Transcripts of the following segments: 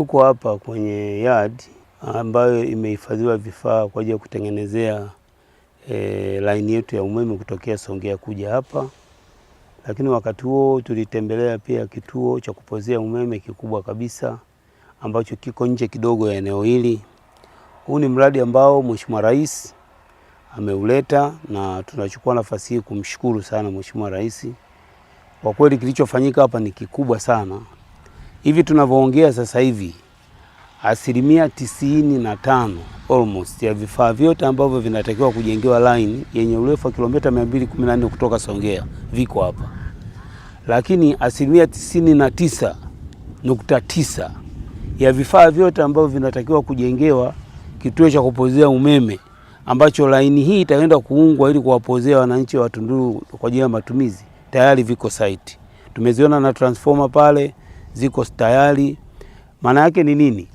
Tuko hapa kwenye yard ambayo imehifadhiwa vifaa kwa ajili ya kutengenezea eh, e, laini yetu ya umeme kutokea Songea kuja hapa, lakini wakati huo tulitembelea pia kituo cha kupozea umeme kikubwa kabisa ambacho kiko nje kidogo ya eneo hili. Huu ni mradi ambao Mheshimiwa Rais ameuleta na tunachukua nafasi hii kumshukuru sana Mheshimiwa Rais. Kwa kweli kilichofanyika hapa ni kikubwa sana hivi tunavyoongea sasa hivi asilimia tisini na tano almost ya vifaa vyote ambavyo vinatakiwa kujengewa line yenye urefu wa kilomita 214 kutoka Songea viko hapa, lakini asilimia tisini na tisa nukta tisa ya vifaa vyote ambavyo vinatakiwa kujengewa kituo cha kupozea umeme ambacho laini hii itaenda kuungwa ili kuwapozea wananchi wa Tunduru kwa ajili ya matumizi tayari viko site. Tumeziona na transformer pale ziko tayari. Maana yake ni nini?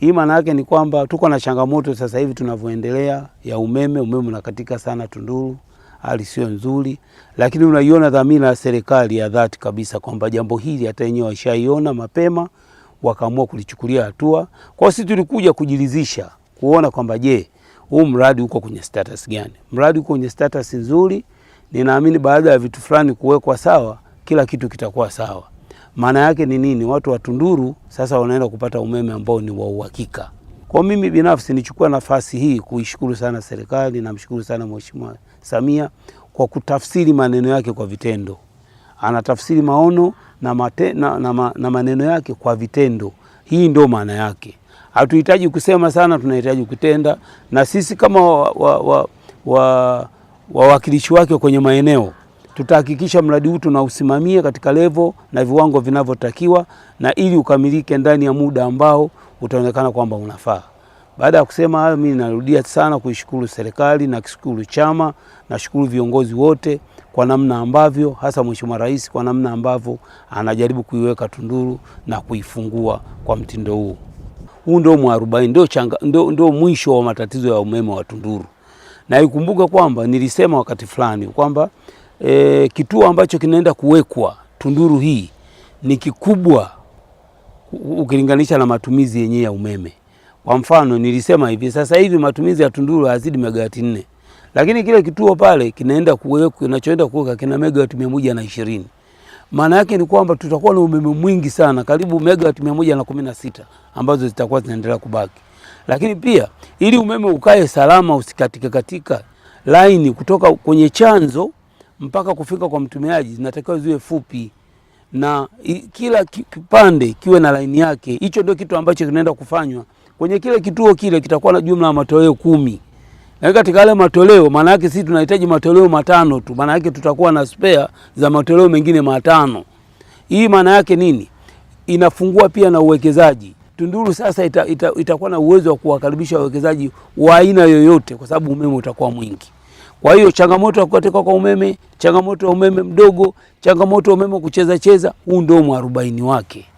Hii maana yake ni kwamba tuko na changamoto sasa hivi tunavyoendelea ya umeme. Umeme unakatika sana Tunduru, hali sio nzuri, lakini unaiona dhamira ya serikali ya dhati kabisa kwamba jambo hili hata yenyewe washaiona mapema, wakaamua kulichukulia hatua. Kwa sisi tulikuja kujiridhisha kuona kwamba je, huu mradi uko kwenye status gani? Mradi uko kwenye status nzuri, ninaamini baada ya vitu fulani kuwekwa sawa, kila kitu kitakuwa sawa. Maana yake ni nini? Watu wa Tunduru sasa wanaenda kupata umeme ambao ni wa uhakika. Kwa mimi binafsi nichukua nafasi hii kuishukuru sana serikali, namshukuru sana Mheshimiwa Samia kwa kutafsiri maneno yake kwa vitendo. Anatafsiri maono na, mate, na, na, na maneno yake kwa vitendo. Hii ndio maana yake. Hatuhitaji kusema sana, tunahitaji kutenda, na sisi kama wawakilishi wa, wa, wa, wa wake kwenye maeneo tutahakikisha mradi huu tunausimamia katika levo na viwango vinavyotakiwa na ili ukamilike ndani ya muda ambao utaonekana kwamba unafaa. Baada ya kusema hayo, mimi narudia sana kuishukuru serikali na kushukuru chama, nashukuru viongozi wote kwa namna ambavyo, hasa Mheshimiwa Rais kwa namna ambavyo anajaribu kuiweka Tunduru na kuifungua kwa mtindo huu. Huu ndio mwarobaini, ndio mwisho wa matatizo ya umeme wa Tunduru, na ikumbuke kwamba nilisema wakati fulani kwamba e, kituo ambacho kinaenda kuwekwa Tunduru hii ni kikubwa ukilinganisha na matumizi yenyewe ya umeme. Kwa mfano nilisema hivi, sasa hivi matumizi ya Tunduru hazidi megawati nne, lakini kile kituo pale kinaenda kuwekwa, kinachoenda kuweka kina megawati mia moja na ishirini. Maana yake ni kwamba tutakuwa na umeme mwingi sana, karibu megawati mia moja na kumi na sita ambazo zitakuwa zinaendelea kubaki. Lakini pia ili umeme ukae salama, usikatike katika laini kutoka kwenye chanzo mpaka kufika kwa mtumiaji zinatakiwa ziwe fupi na i, kila kipande kiwe na laini yake. Hicho ndio kitu ambacho kinaenda kufanywa kwenye kile kituo. Kile kitakuwa na jumla ya matoleo kumi, na katika yale matoleo, maana yake sisi tunahitaji matoleo matano tu, maana yake tutakuwa na spare za matoleo mengine matano. Hii maana yake nini? Inafungua pia na uwekezaji. Tunduru sasa ita, ita, itakuwa na uwezo wa kuwakaribisha wawekezaji wa aina yoyote, kwa sababu umeme utakuwa mwingi. Kwa hiyo changamoto ya kukatika kwa umeme, changamoto ya umeme mdogo, changamoto ya umeme kucheza cheza, huu ndio mwarobaini wake.